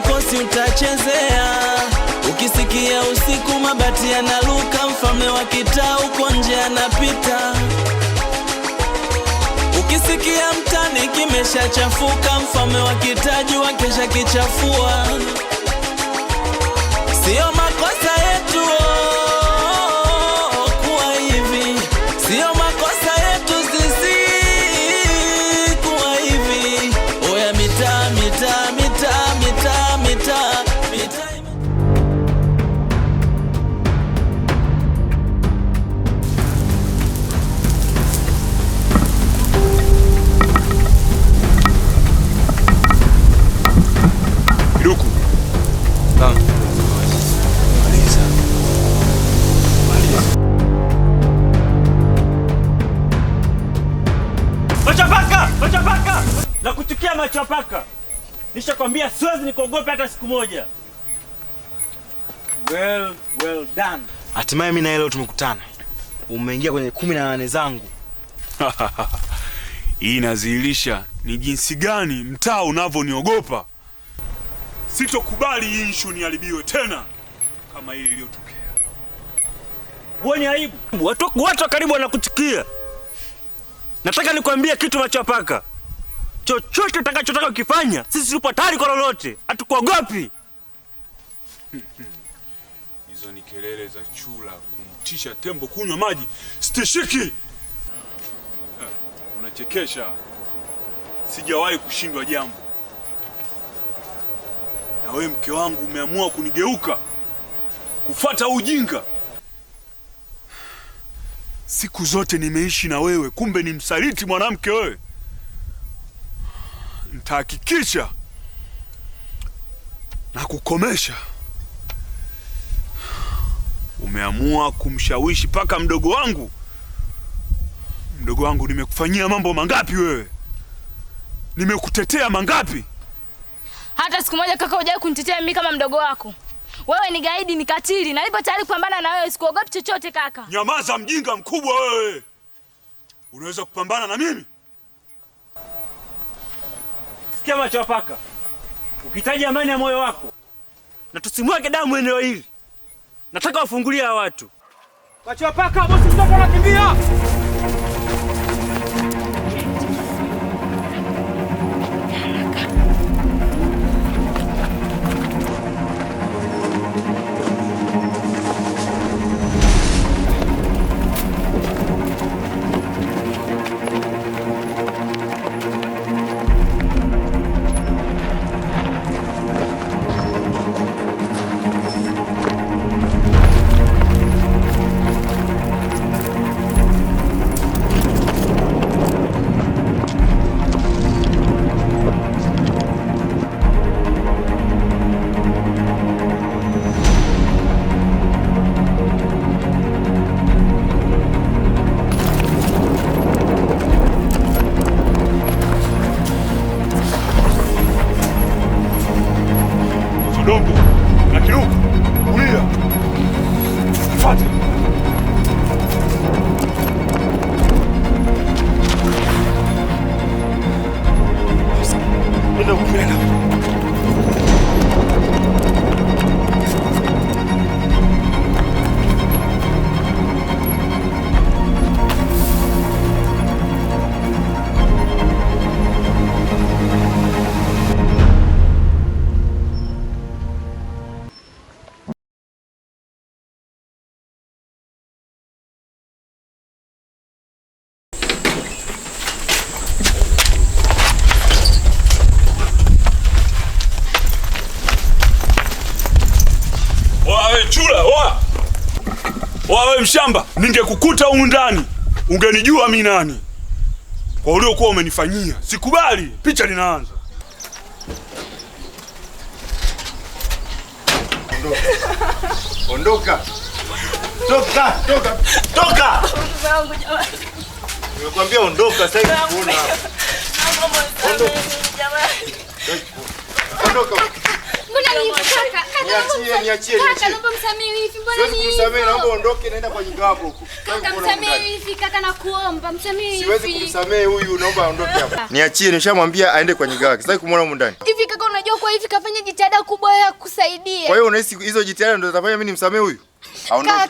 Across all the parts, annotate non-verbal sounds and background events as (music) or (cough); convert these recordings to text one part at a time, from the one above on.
kikosi utachezea. Ukisikia usiku mabati yanaluka, mfalme wa kitaa uko nje anapita. Ukisikia mtani kimeshachafuka, mfalme wa kitaa jua kesha kichafua. Sio kama chapaka. Nishakwambia siwezi nikuogope hata siku moja. Well, well done. Hatimaye mimi na leo tumekutana. Umeingia kwenye kumi na nane zangu. (laughs) Hii inadhihirisha ni jinsi gani mtaa unavyoniogopa. Sitokubali hii issue niharibiwe tena kama hili iliyotokea. Wewe ni aibu. Watu watu karibu wanakuchukia. Nataka nikwambie kitu machapaka chochote utakachotaka ukifanya, sisi tupo tayari kwa lolote, hatukuogopi. Hizo ni kelele za chura kumtisha tembo kunywa maji. Stishiki, eh, unachekesha. Sijawahi kushindwa jambo, na wewe mke wangu umeamua kunigeuka kufuata ujinga. Siku zote nimeishi na wewe, kumbe ni msaliti mwanamke wewe atahakikisha na kukomesha. Umeamua kumshawishi mpaka mdogo wangu. Mdogo wangu, nimekufanyia mambo mangapi wewe? Nimekutetea mangapi? Hata siku moja kaka, hujawahi kunitetea mimi kama mdogo wako. Wewe ni gaidi, ni katili, na nipo tayari kupambana na wewe, sikuogopi chochote kaka. Nyamaza mjinga mkubwa wewe! Unaweza kupambana na mimi? kutia macho wapaka, ukihitaji amani ya moyo wako na tusimwage damu eneo hili. Nataka wafungulia watu macho paka, bosi mtoto anakimbia. wewe mshamba, ningekukuta huko ndani ungenijua mimi nani kwa uliokuwa umenifanyia. Sikubali. Picha linaanza. Ondoka. Toka, toka, toka. Nimekwambia ondoka sasa hivi kuna. Ondoka. Ondoka naomba ondoke, naenda kwa nyumba yako huko. Siwezi kumsamehe huyu, naomba aondoke hapa. Niachie, nishamwambia aende kwa nyumba Sitaki kumuona huko ndani. Hivi kaka, unajua kwa hivi kafanya jitihada kubwa ya kusaidia. Kwa hiyo unahisi hizo jitihada ndio zitafanya mimi nimsamehe huyu? Kaka,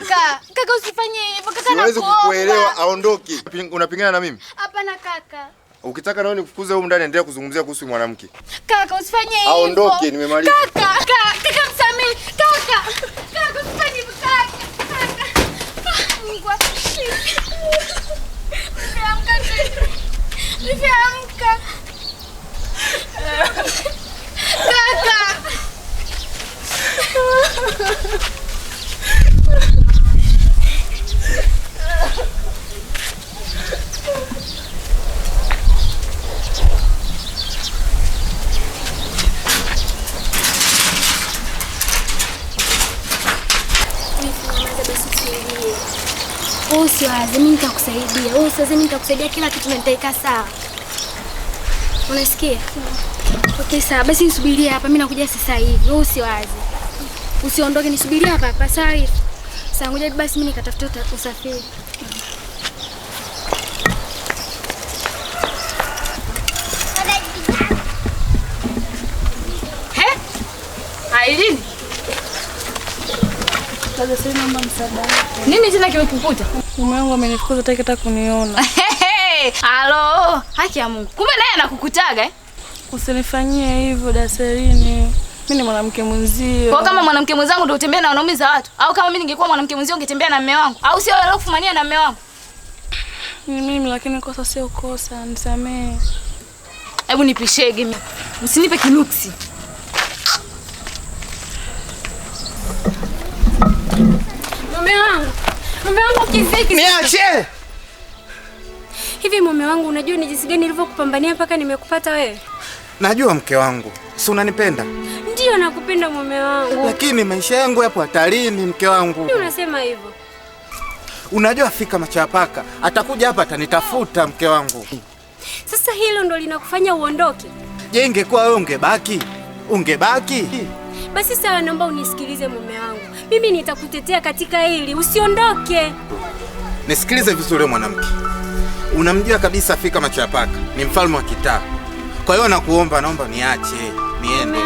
kaka usifanye hivyo kaka, nakuomba. Siwezi kukuelewa, aondoke. Unapingana na mimi? Hapana kaka. Ukitaka nawe nikufukuze huko ndani, endelea kuzungumzia kuhusu mwanamke. Kaka, usifanye hivyo. Aondoke, nimemaliza. Kaka, kaka, kaka msamii. Kaka. Kaka, usifanye hivyo kaka. Kaka. Ah, Mungu ashike. Nimeamka tena. mimi nitakusaidia kila kitu na saa sawa. Unasikia? Okay, sawa. Basi nisubirie hapa, mimi nakuja sasa hivi. Wewe usiwaze. Usiondoke, nisubirie hapa hapa. Sawa. Sasa ngoja basi mimi nikatafuta usafiri. Nini tena kimekukuta? Mume wangu amenifukuza hataki hata kuniona. Halo, (laughs) haki ya Mungu. Kumbe naye anakukutaga eh? Usinifanyie hivyo Daselini. Mimi ni mwanamke mwenzio. Kwa kama mwanamke mwenzangu ndio utembea na wanaume za watu, au kama mimi ningekuwa mwanamke mwenzio ningetembea na mume wangu, au sio wewe kufumania na mume wangu? Ni mimi lakini kosa sio kosa, nisamee. Hebu nipishege mimi. Msinipe kinuksi. Mume wangu, mume wangu kiziki. Niache. Hivi mume wangu, unajua ni jinsi gani nilivyokupambania mpaka nimekupata wewe? Najua mke wangu, si unanipenda? Ndio, nakupenda mume wangu, lakini maisha yangu yapo hatarini mke wangu. Unasema hivyo? Unajua fika machapaka atakuja hapa atanitafuta mke wangu. Sasa hilo ndo linakufanya uondoke? Je, ingekuwa wewe ungebaki? Ungebaki? Basi sawa, naomba unisikilize mume wangu. Mimi nitakutetea katika hili, usiondoke. Nisikilize vizuri mwanamke, unamjua kabisa Afia kama Chapaka ni mfalme wa kitaa. Kwa hiyo nakuomba, naomba niache niende.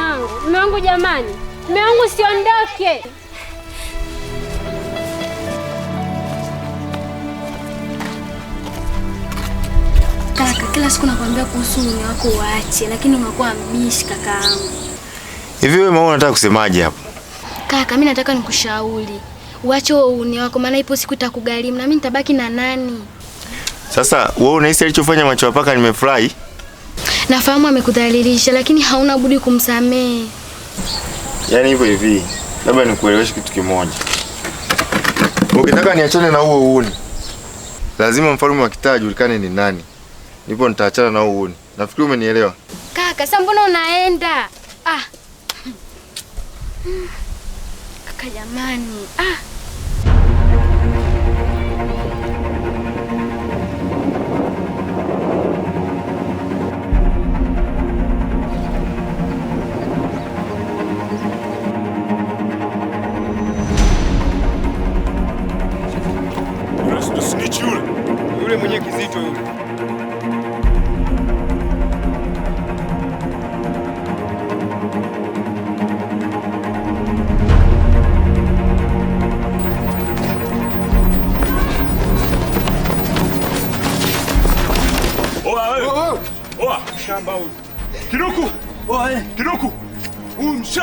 Mume wangu jamani, mume wangu usiondoke. Kaka, kila siku nakwambia kuhusu mume wako uache, lakini unakuwa mbishi kakaangu. Hivi wewe maona unataka kusemaje hapo? Kaka, mimi nataka nikushauri uache uuni wako, maana ipo siku itakugharimu, na mimi nitabaki na nani? Sasa wewe unahisi alichofanya macho paka nimefurahi? Nafahamu amekudhalilisha, lakini hauna budi kumsamehe. Yaani hivyo hivi, labda nikueleweshe kitu kimoja. Ukitaka niachane na huo uuni, lazima mfalme wa kitaa ajulikane ni nani, nipo nitaachana na huo uuni. Nafikiri umenielewa kaka. Sasa mbona unaenda? ah haraka jamani. Ah.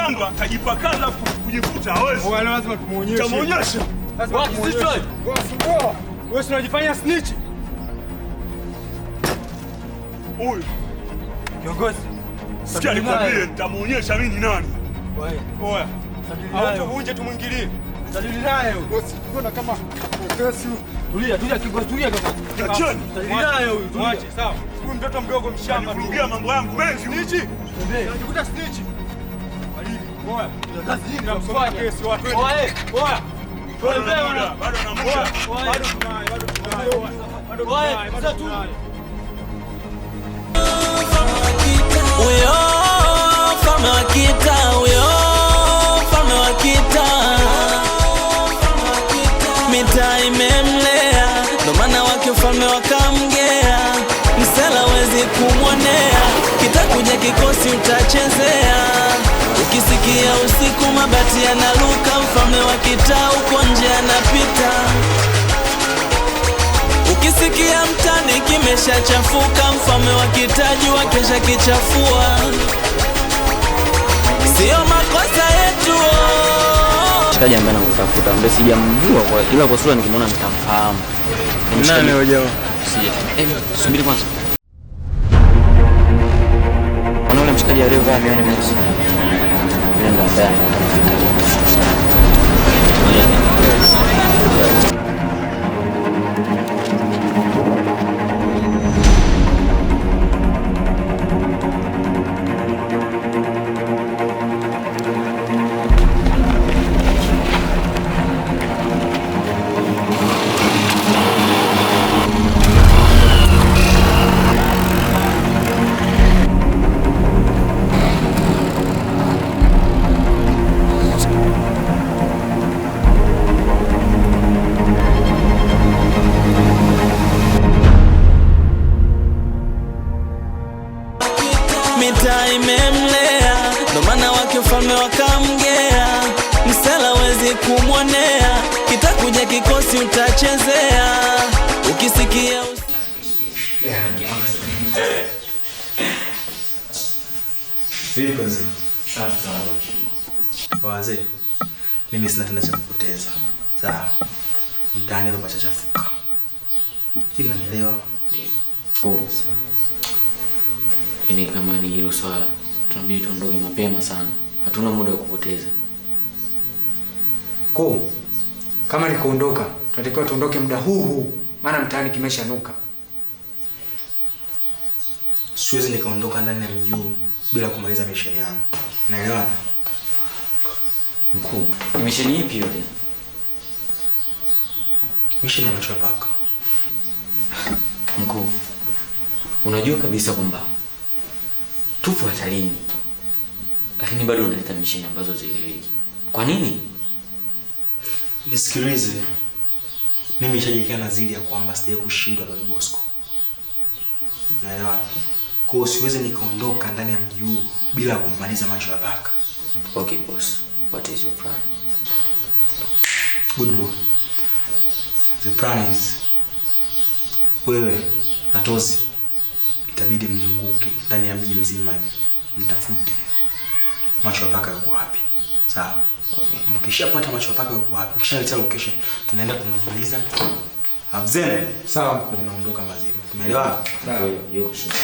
shamba kajipakaza kujivuta hawezi. Wewe lazima tumuonyeshe. Tumuonyeshe. Lazima tumuonyeshe. Wewe sio. unajifanya snitch. Oi. Kiongozi. Sikia nikwambie nitamuonyesha mimi ni nani. Wewe. Oya. Au unje tumwingilie. Sadili naye huyu. Wewe unaona kama kesi. Tulia, tulia kiongozi, tulia kaka. Acheni. Sadili naye huyu. Tuache, sawa. Huyu mtoto mdogo mshamba. Kurudia mambo yangu mengi. Snitch. Unajikuta snitch. Mfalme wa Kita, mitaa imemlea, ndo maana wake ufalme wakamgea, msela wezi kumwonea, kitakuja kikosi utachezea ya usiku, mabati yanaluka, mfalme wa kitaa uko nje anapita. Ukisikia mtani kimeshachafuka, mfalme wa kitaji wa kesha kichafua. Sio makosa yetu shikaji ambaye nakutafuta ambaye sijamjua kwa ila kwa sura nikimwona nitamfahamu. Nani huyo jamaa? Sija. Eh, subiri kwanza. Wanaona mshikaji aliyovaa miwani meusi. Pinaganda. kikosi utachezea ukisikia usi... yeah, Wazee, mimi sina tena cha kupoteza. Sawa. mtani baba chachafuka. Kila nielewa. Oh, yaani kama ni hilo swala, tunabidi tuondoke mapema sana. Hatuna muda wa kupoteza. Cool. Kama ni kuondoka, tunatakiwa tuondoke muda huu huu, maana mtaani kimeshanuka. Siwezi nikaondoka ndani ya mji huu bila kumaliza misheni yangu. naelewa mkuu? Ni misheni ipi yote? Misheni ya paka. Mkuu, unajua kabisa kwamba tupo hatarini, lakini bado unaleta misheni ambazo zieleweki. Kwa nini? Nisikilize, mimi na nadhiri ya kwamba sijawahi kushindwa Don Bosco, naelewa. Kwa hiyo siwezi nikaondoka ndani ya mji huu bila kumaliza macho ya paka. Okay boss, what is your plan? Good boy. The plan is wewe na Tozi itabidi mzunguke ndani ya mji mzima mtafute macho ya paka yuko wapi, sawa? Mkishapata macho pake yuko wapi? Mkishaletea location, tunaenda tunamaliza. Afzene, sawa mkuu, tunaondoka mazimu. Umeelewa? Sawa. Yuko shida.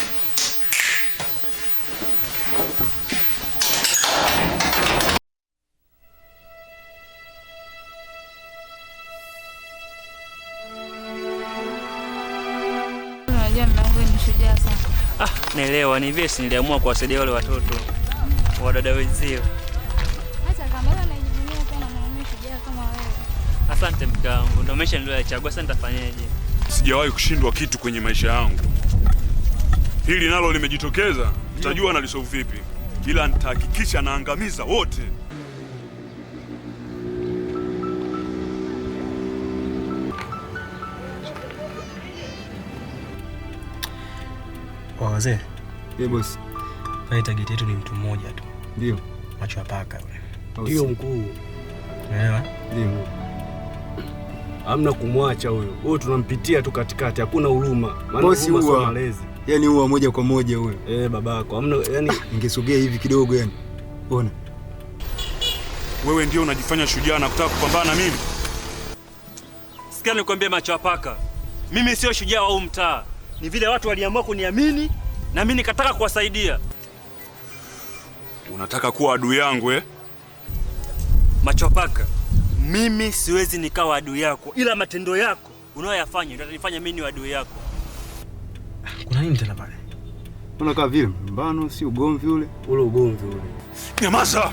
Ah, naelewa ni vesi, niliamua kuwasaidia wale watoto wadada wenzio. Asante mke wangu, ndio maisha niliyochagua. Sasa nitafanyaje? Sijawahi kushindwa kitu kwenye maisha yangu. Hili nalo limejitokeza, nitajua nalisolve vipi, ila nitahakikisha naangamiza wote. Kwa Wazee boss. bosi, yaani target yetu ni mtu mmoja tu, ndio macho ya paka yule, ndio mkuu. Unaelewa? Ndio. Hamna kumwacha huyo. Huyo tunampitia tu katikati, hakuna huruma. Maana huruma malezi. yani huwa moja kwa moja huyo. Eh, babako. Hamna yani (coughs) ningesogea hivi kidogo yani. Ona. Wewe ndio unajifanya shujaa na kutaka kupambana na mimi. Sikia nikwambie, macho ya Mimi sio shujaa wa mtaa. Ni vile watu waliamua kuniamini na mimi nikataka kuwasaidia. Unataka kuwa adui yangu eh? Macho ya mimi siwezi nikawa adui yako, ila matendo yako unayoyafanya ndio yatanifanya mimi ni adui yako. Kuna nini tena pale? kama vile mbano, si ugomvi ule ule, ugomvi ule. Nyamaza!